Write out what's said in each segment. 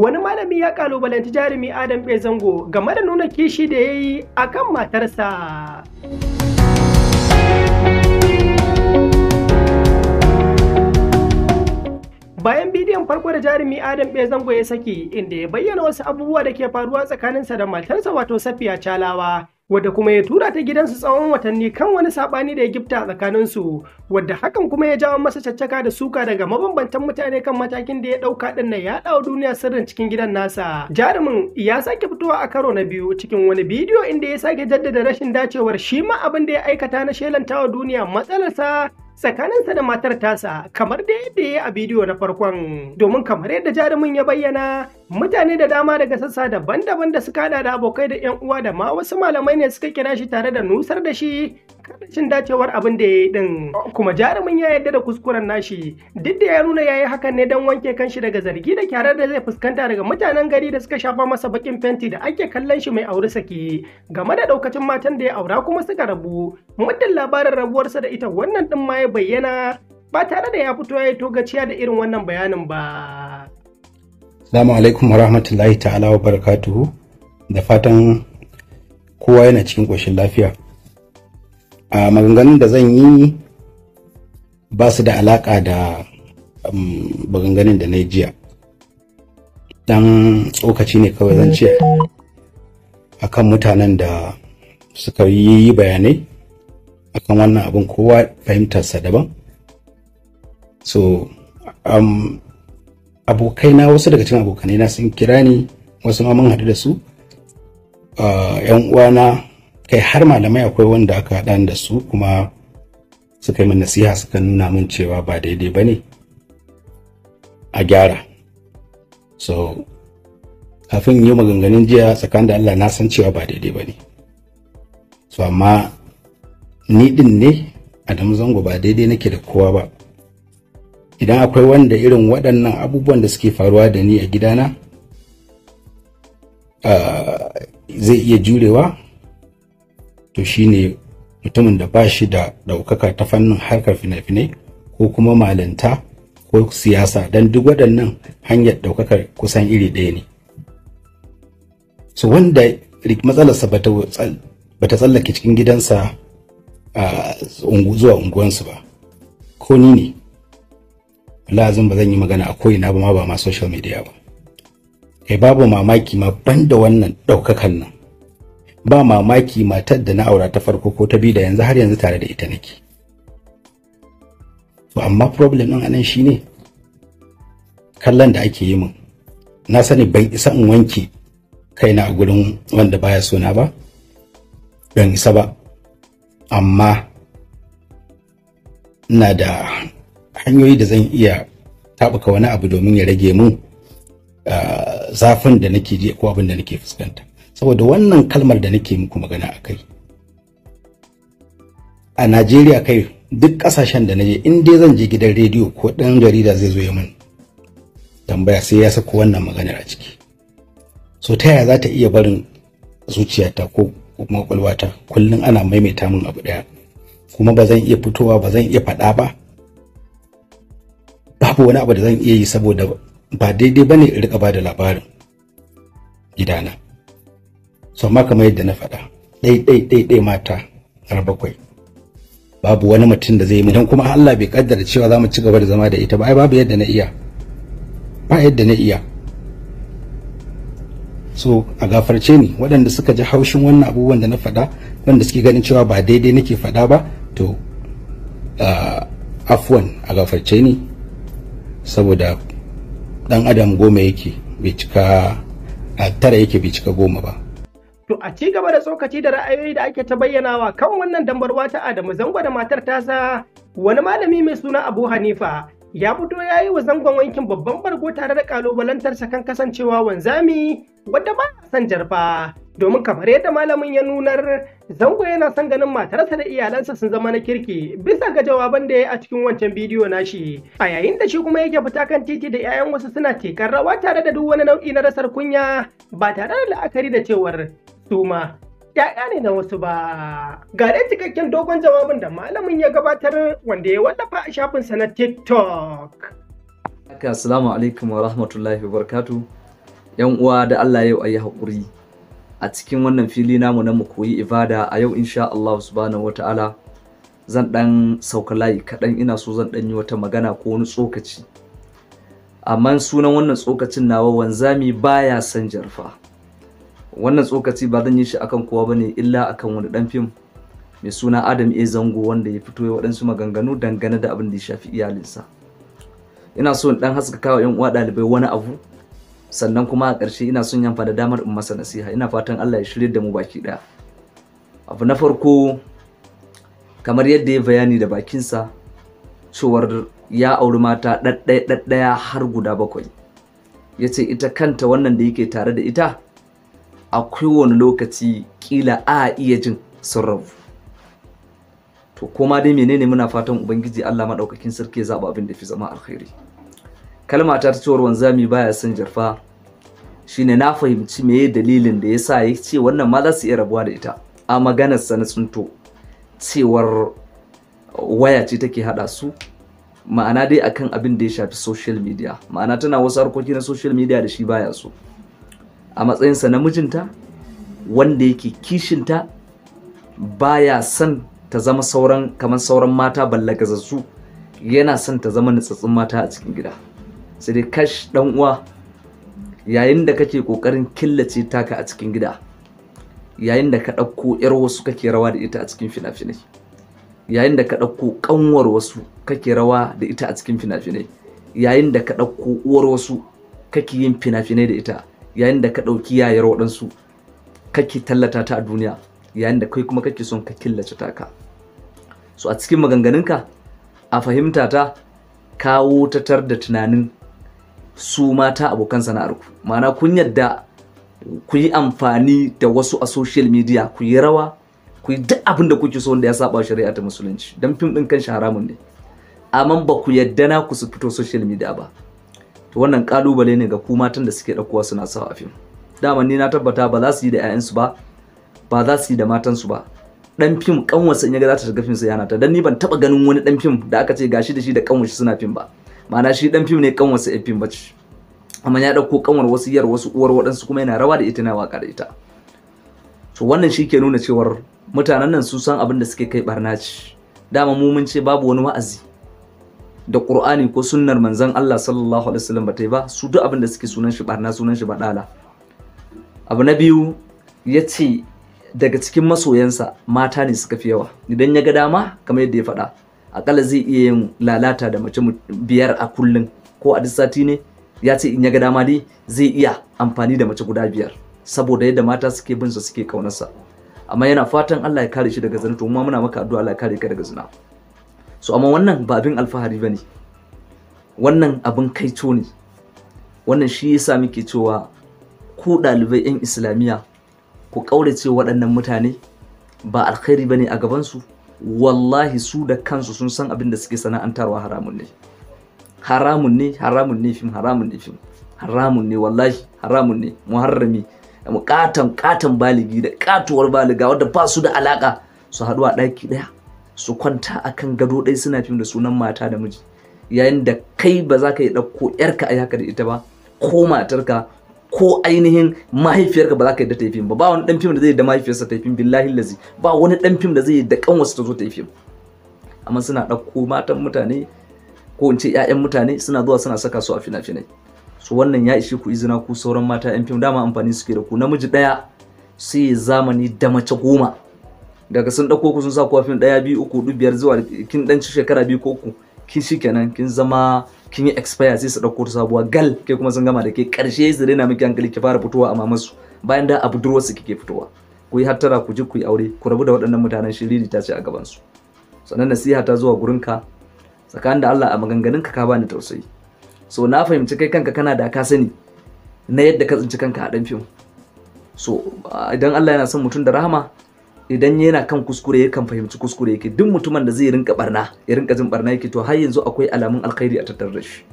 wani malami ya kalubalanci jarumi adam zango game da nuna kishi da ya yi a kan matarsa bayan bidiyon farko da jarumi adam zango ya saki inda ya bayyana wasu abubuwa da ke faruwa tsakaninsa da matarsa wato safiya calawa wadda kuma ya tura ta gidansu tsawon watanni kan wani sabani da ya gifta tsakaninsu wadda hakan kuma ya jawo masa caccaka da suka daga mabambantan mutane kan matakin da ya dauka din nan ya dawo duniya sirrin cikin gidan nasa jarumin ya sake fitowa a karo na biyu cikin wani bidiyo inda ya sake jaddada rashin dacewar shi ma abin da ya aikata na shelantawa duniya matsalarsa tsakaninsa da matar tasa kamar da yadda ya yi a bidiyo na farkon domin kamar yadda jarumin ya bayyana Mutane da dama daga sassa daban-daban da suka hada da abokai da 'yan uwa da ma wasu malamai ne suka kira shi tare da nusar da shi karshen dacewar abin da ya yi din kuma jarumin ya yadda da kuskuren nashi duk da ya nuna ya yi hakan ne don wanke kanshi daga zargi da kyarar da zai fuskanta daga mutanen gari da suka shafa masa bakin fenti da ake kallon shi mai aure saki game da daukacin matan da ya aura kuma suka rabu muddin labarin rabuwarsa da ita wannan din ma ya bayyana ba tare da ya fito ya yi togaciya da irin wannan bayanin ba Assalamu alaikum wa rahmatullahi ta'ala wa barakatuhu da fatan kowa yana cikin ƙoshin lafiya. A maganganun da zan yi ba su da alaƙa da um, maganganun da na yi jiya. Dan tsokaci ne kawai zan ce a kan mutanen da suka yi bayanai a kan wannan abin kowa fahimtarsa daban. So, um, abokaina wasu daga cikin abokanaina sun kira ni wasu ma mun haɗu da su yan uwana kai har malamai akwai wanda aka haɗa da su kuma suka yi min nasiha suka nuna min cewa ba daidai ba ne a gyara so kafin yi maganganun jiya tsakanin da Allah na san cewa ba daidai ba ne so amma ni din ne Adamu Zango ba daidai nake da kowa ba idan akwai wanda irin waɗannan abubuwan da suke faruwa da ni a gidana zai iya jurewa to shine mutumin da ba shi da ɗaukaka ta fannin harkar fina-finai ko kuma malanta ko siyasa don duk waɗannan hanyar ɗaukakar kusan iri ɗaya ne so wanda matsalarsa ba ta tsallake cikin gidansa zuwa unguwansu ba ko ni ne lazim ba zan yi magana a ko'ina ba ma ba ma social media ba kai eh, babu mamaki ma banda wannan ɗaukakan nan ba mamaki matar da na aura ta farko ko ta biyu da yanzu har yanzu tare da ita nake to amma problem ɗin anan shine kallon da ake yi min na sani ban isa in wanke kaina a gurin wanda baya so na ba ban isa ba amma ina da hanyoyi da zan iya taɓuka wani abu domin ya rage mun zafin da nake ji ko abin da nake fuskanta saboda wannan kalmar da nake muku magana a kai a najeriya kai duk ƙasashen da naje in dai zan je gidan rediyo ko ɗan jarida zai zo ya mun tambaya sai ya sako wannan maganar a ciki so ta yaya za ta iya barin zuciyata ko kuma kwakwalwata kullum ana maimaita mun abu ɗaya kuma ba zan iya fitowa ba zan iya faɗa ba babu wani abu da zan iya yi saboda ba daidai bane in rika bada labarin gidana so amma kamar yadda na faɗa ɗai ɗai ɗai ɗai mata har bakwai babu wani mutum da zai yi dan kuma Allah bai kaddara cewa za mu ci gaba da zama da ita ba ai babu yadda na iya ba yadda na iya so a gafarce ni waɗanda suka ji haushin wannan abubuwan da na faɗa wanda suke ganin cewa ba daidai nake faɗa ba to ah, afwan a gafarce ni saboda dan adam goma yake bai cika a tara yake bai cika goma ba To a ci gaba da tsokaci da ra'ayoyi da ake ta bayyanawa kan wannan dambarwa ta Adamu zango da matar tasa wani malami mai suna Abu Hanifa ya fito ya yi wa zangon wankin babban bargo tare da kalubalantarsa kan kasancewa wanzami wadda ba a son jarfa domin kamar yadda malamin ya nunar zango yana son ganin matarsa da iyalansa sun zama na kirki bisa ga jawaban da ya a cikin wancan bidiyo nashi a yayin da shi kuma yake fita kan titi da 'ya'yan wasu suna tekar rawa tare da duk wani nau'i na rasar kunya ba tare da la'akari da cewar suma ‘ya'ya ne na wasu ba. Ga dai cikakken dogon jawabin da malamin ya gabatar wanda ya wallafa a shafin sa na TikTok. Aka assalamu alaikum wa rahmatullahi wa barakatu. ‘Yan uwa da Allah yau a yi haƙuri. A cikin wannan fili namu na mu koyi ibada a yau insha Allah subhanahu wa ta'ala zan ɗan sauka layi kaɗan ina so zan ɗan yi wata magana ko wani tsokaci. Amma sunan wannan tsokacin nawa wanzami baya son jarfa. wannan tsokaci ba zan yi shi akan kowa bane illa akan wani dan fim mai suna Adam A Zango wanda ya fito waɗansu maganganu dangane da abin da ya shafi iyalinsa ina so in dan haskaka wa yan uwa ɗalibai wani abu sannan kuma a ƙarshe ina son yamfa da damar in masa nasiha ina fatan Allah ya shirye da mu baki ɗaya abu na farko kamar yadda ya bayani da bakinsa cewar ya auri mata ɗaɗɗaya har guda bakwai ya ce ita kanta wannan da yake tare da ita Akwai wani lokaci kila a iya jin sun rabu to koma dai menene muna fatan ubangiji Allah maɗaukakin sarki ya zaɓa abin da fi zama alkhairi kalma ta cewar wanzami baya son jarfa shine na fahimci meye dalilin da ya sa ya ce wannan ma za su iya rabuwa da ita a maganar sa na tsunto cewar waya ce take hada su ma'ana dai akan abin da ya shafi social media ma'ana tana wasu harkoki na social media da shi baya so a matsayinsa na mijinta wanda yake kishinta baya san ta zama sauran kamar sauran mata ballagazassu yana san ta zama nutsatsun mata a cikin gida sai dai kash dan uwa yayin da kake kokarin killace taka a cikin gida yayin da ka ɗauko yar wasu kake rawa da ita a cikin fina-finai yayin da ka ɗauko ƙanwar wasu kake rawa da ita a cikin fina-finai yayin da ka ɗauko uwar wasu kake yin fina-finai da ita yayin da ka ɗauki yayar waɗansu kake tallata ta a duniya yayin da kai kuma kake son ka killace taka so a cikin maganganunka a fahimta ta kawo tatar da tunanin su mata abokan sana'arku ma'ana kun yadda ku yi amfani da wasu a social media ku yi rawa ku yi duk abin da kuke so wanda ya saba shari'a ta musulunci don fim ɗin kan haramun ne amma ba ku yadda na ku su fito social media ba to wannan kalubale ne ga ku matan da suke su suna sawa a fim dama ni na tabbata ba za su yi da 'ya'yansu ba ba za su yi da matansu ba dan fim kanwarsa in ya ga za ta shiga fim sai yana ta dan ni ban taba ganin wani dan fim da aka ce gashi da shi da kanwarsa suna fim ba ma'ana shi dan fim ne kanwarsa ya fim bace amma ya ɗauko kanwar wasu yar wasu uwar waɗansu kuma yana rawa da ita na waka da ita to wannan shi ke nuna cewar mutanen nan su san abin da suke kai barna ci dama mu mun ce babu wani wa'azi da Qur'ani ko sunnar manzon Allah sallallahu alaihi wasallam bata yi ba su duk abin da suke sunan shi barna sunan shi badala abu na biyu yace daga cikin masoyansa mata ne suka fi yawa idan ya ga dama kamar yadda ya faɗa akalla zai iya yin lalata da mace biyar a kullun. ko a duk sati ne ya ce in ya ga dama dai zai iya amfani da mace guda biyar saboda yadda mata suke bin su suke kaunarsa amma yana fatan Allah ya kare shi daga zina to muna maka addu'a Allah ya kare ka daga zina so amma wannan ba abin alfahari ba ne wannan abin kaico ne wannan shi yasa muke cewa ku ɗalibai 'yan islamiyya ku ƙaurace waɗannan mutane ba alkhairi ba ne a gabansu wallahi su da kansu sun san abin da suke sana'antarwa haramun ne haramun ne haramun ne fim haramun ne fim haramun ne wallahi haramun ne muharrami mu katan katan baligi da katuwar baliga wadda ba su da alaka su haɗu a ɗaki ɗaya su kwanta akan gado ɗaya suna fim da sunan mata da miji yayin da kai ba za ka yi ɗauko yarka a haka da ita ba ko matarka ko ainihin mahaifiyarka ba za ka yi da ta yi fim ba ba wani ɗan fim da zai yi da mahaifiyarsa ta yi fim billahi lazi ba wani ɗan fim da zai yi da ƙanwarsa ta zo ta yi fim amma suna ɗauko matan mutane ko in ce 'ya'yan mutane suna zuwa suna saka su a fina-finai Su wannan ya ishe ku izina ku sauran mata ƴan fim dama amfani suke da ku namiji ɗaya sai zamani da mace goma daga sun dauko ku sun sa ku fim ɗaya biyu uku duk biyar zuwa kin dan ci shekara biyu ko uku kin shi kenan kin zama kin yi expire sai su dauko ta sabuwa gal ke kuma sun gama da ke karshe su daina miki hankali ki fara fitowa a mamansu bayan da a budurwarsu kike fitowa ku yi hattara ku ji ku yi aure ku rabu da waɗannan mutanen shiriri ta ce a gabansu sannan nasiha ta zuwa gurinka tsakanin da Allah a maganganunka ka bani tausayi so na fahimci kai kanka kana da ka sani na yadda ka tsinci kanka a ɗan fim so idan Allah yana son mutum da rahama idan yana kan kuskure ya kan fahimci kuskure yake duk mutumin da zai rinka barna ya rinka jin barna yake to har yanzu akwai alamun alkhairi a tattare da shi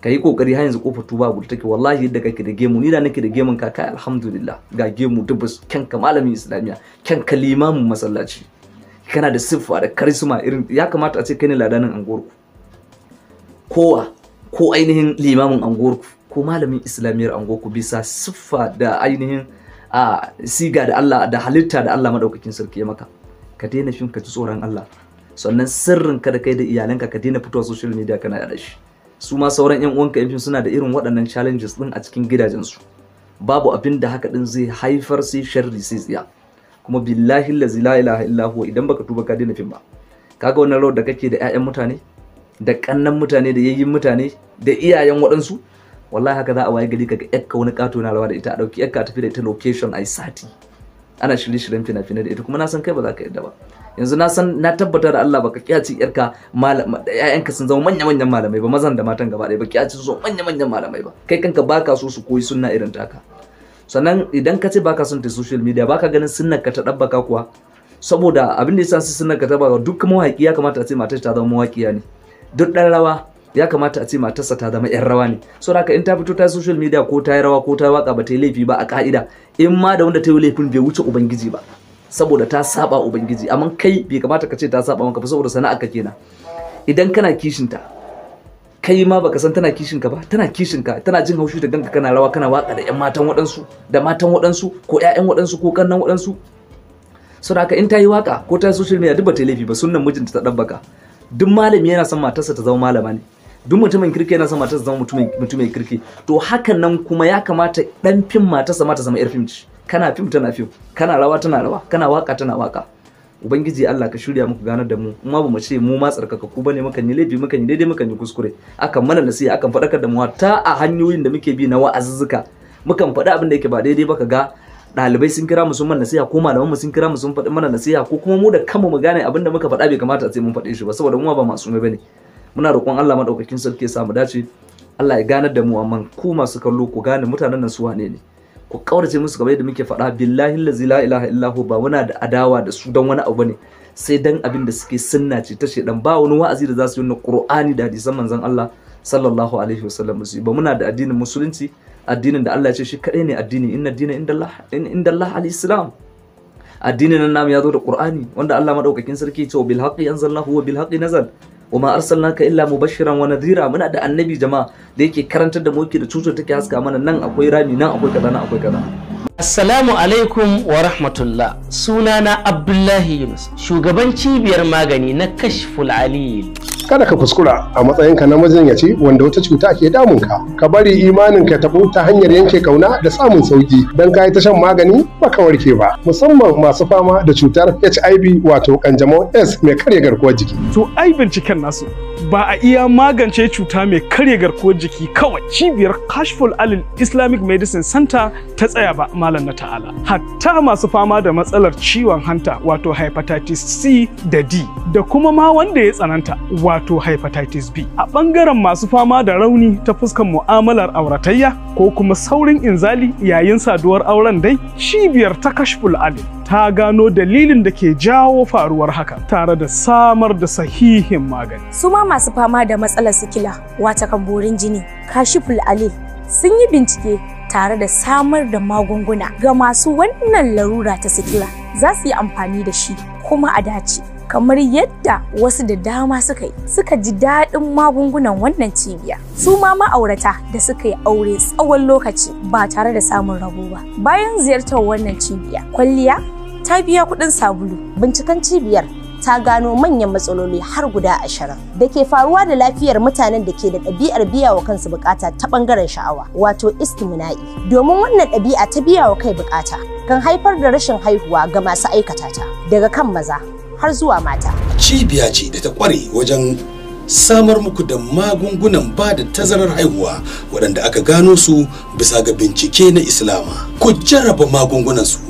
ka kokari har yanzu kofar tuba guda take wallahi yadda kake da gemu ni da nake da gemun kaka alhamdulillah ga gemu dubus kyan ka malamin islamiya kyan ka limamin masallaci kana da siffa da karisma irin ya kamata a ce kai ne ladanin angorku kowa ko ainihin limamin angorku ko malamin islamiyar angorku bisa siffa da ainihin a siga da Allah da halitta da Allah madaukakin sarki ya maka ka daina shin ka ji tsoron Allah sannan sirrin ka da kai da iyalanka ka daina fitowa social media kana yada shi su ma sauran yan uwanka yan suna da irin waɗannan challenges din a cikin gidajensu babu abin da haka din zai haifar sai sharri sai tsiya kuma billahi lazi la ilaha illa huwa idan baka tuba ka daina fim ba kaga wannan rawar da kake da ƴaƴan mutane da kannan mutane da yayyin mutane da iyayen waɗansu wallahi haka za a waye gari kaga yakka wani kato na rawa da ita a dauki yakka tafi da ita location ai sati ana shirye-shiryen fina-finai da ita kuma na san kai ba za ka yadda ba yanzu na san na tabbata da Allah baka ci yarka malama ƴaƴanka sun zama manya-manyan malamai ba mazan da matan gaba ɗaya ba ci sun zama manya-manyan malamai ba kai kanka baka so su koyi sunna irin taka sannan idan ka ce baka son ta social media baka ganin sunnar ka ta dabbaka kuwa saboda abin da yasa su sunnar ka ta ba duk mawaki ya kamata a ce matar ta zama mawaƙiya ne duk ɗan rawa ya kamata a ce matarsa ta zama yar rawa ne so haka in ta fito ta social media ko ta yi rawa ko ta waka ba ta yi laifi ba a ka'ida in ma da wanda ta yi laifin bai wuce ubangiji ba saboda ta saba ubangiji amma kai bai kamata ka ce ta saba maka ba saboda sana'a ka kenan idan kana kishinta kai ma baka san tana kishinka ba tana kishinka tana jin haushi da ganka kana rawa kana waka da yan matan waɗansu da matan waɗansu ko ƴaƴan waɗansu ko kannan waɗansu so haka in ta yi waka ko ta social media duk ba ta laifi ba sunnan mijinta ta ɗabbaka duk malami yana son matarsa ta zama malama ne duk mutumin kirki yana son matarsa zama mutumin kirki to hakan nan kuma ya kamata dan fim matarsa ma ta zama yar fim kana fim tana fim kana rawa tana rawa kana waka tana waka ubangiji Allah ka shirya muku ganar da mu kuma ba mu ce mu ma ku bane mukan yi laifi muka yi daidai muka yi kuskure akan mana nasiha akan faɗakar da mu ta a hanyoyin da muke bi na wa'azuzzuka mukan faɗi abin da yake ba daidai ba ka ga ɗalibai sun kira mu sun mana nasiha ko malaman mu sun kira mu sun faɗi mana nasiha ko kuma mu da kanmu mu gane abin da muka faɗa bai kamata a ce mun faɗe shi ba saboda mu ba masu bane muna roƙon Allah madaukakin sarki ya samu dace Allah ya ganar da mu amma ku masu kallo ku gane mutanen nan su wane ne ku kaurace musu kamar yadda muke faɗa billahi allazi la ilaha ba muna da adawa da su dan wani abu ne sai dan abin da suke sunna ce ta shedan ba wani wa'azi da za su yi na qur'ani da hadisan manzon Allah sallallahu alaihi wasallam su ba muna da addinin musulunci addinin da Allah ya ce shi kadai ne addini inna dina inda Allah al-islam addinin nan namu ya zo da qur'ani wanda Allah madaukakin sarki ya ce bil haqqi anzalahu wa bil haqqi nazal wa ma arsalnaka illa mubashiran wa nadhira muna da annabi jama'a da yake karantar da mu da cutar take haska mana nan akwai rami nan akwai kaza nan akwai kaza Assalamu alaikum wa rahmatullah sunana Abdullahi Yunus shugaban cibiyar magani na Kashful Alil kada ka kuskura a matsayinka na ya ce wanda wata cuta ke damunka ka bari imanin ka taɓo ta hanyar yanke kauna da samun sauki dan ka yi ta shan magani ba ka warke ba musamman masu fama da cutar HIV wato kanjamau S mai karya garkuwar jiki to ai binciken nasu ba a iya magance cuta mai karya garkuwar jiki kawai cibiyar kashful alil islamic medicine center ta tsaya ba malam na ta'ala hatta masu fama da matsalar ciwon hanta wato hepatitis c da d da kuma ma wanda ya tsananta wato hepatitis b a bangaren masu fama da rauni ta fuskan mu'amalar auratayya ko kuma saurin inzali yayin saduwar auren dai cibiyar ta kashful alil ta gano dalilin da ke jawo faruwar haka tare da samar da sahihin magani. Suma masu fama da matsalar sikila wata kamborin jini, kashiful alil sun yi bincike tare da samar da magunguna ga masu wannan larura ta sikila za su yi amfani da shi kuma a dace. kamar yadda wasu da dama suka yi suka ji daɗin magungunan wannan cibiya su ma ma'aurata da suka yi aure tsawon lokaci ba tare da samun rabo ba bayan ziyartar wannan cibiya kwalliya ta biya kuɗin sabulu. Binciken cibiyar ta gano manyan matsaloli har guda ashirin da ke faruwa da lafiyar mutanen da ke da ɗabi'ar biya wa kansu bukata ta ɓangaren sha'awa wato istimina'i domin wannan ɗabi'a ta biya wa kai bukata kan haifar da rashin haihuwa ga masu aikata ta daga kan maza har zuwa mata cibiya ce da ta kware wajen samar muku da magungunan ba da tazarar haihuwa waɗanda aka gano su bisa ga bincike na islama ku jarraba magungunan su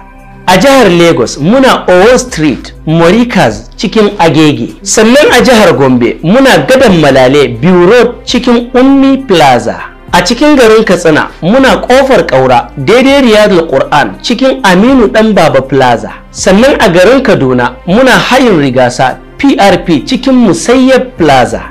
a jihar lagos muna owo street morikas cikin agege sannan a jihar gombe muna gadon malale bureau cikin ummi plaza a cikin garin katsina muna kofar kaura daidai riyadul qur'an cikin aminu dan baba plaza sannan a garin kaduna muna hayin rigasa prp cikin musayyar plaza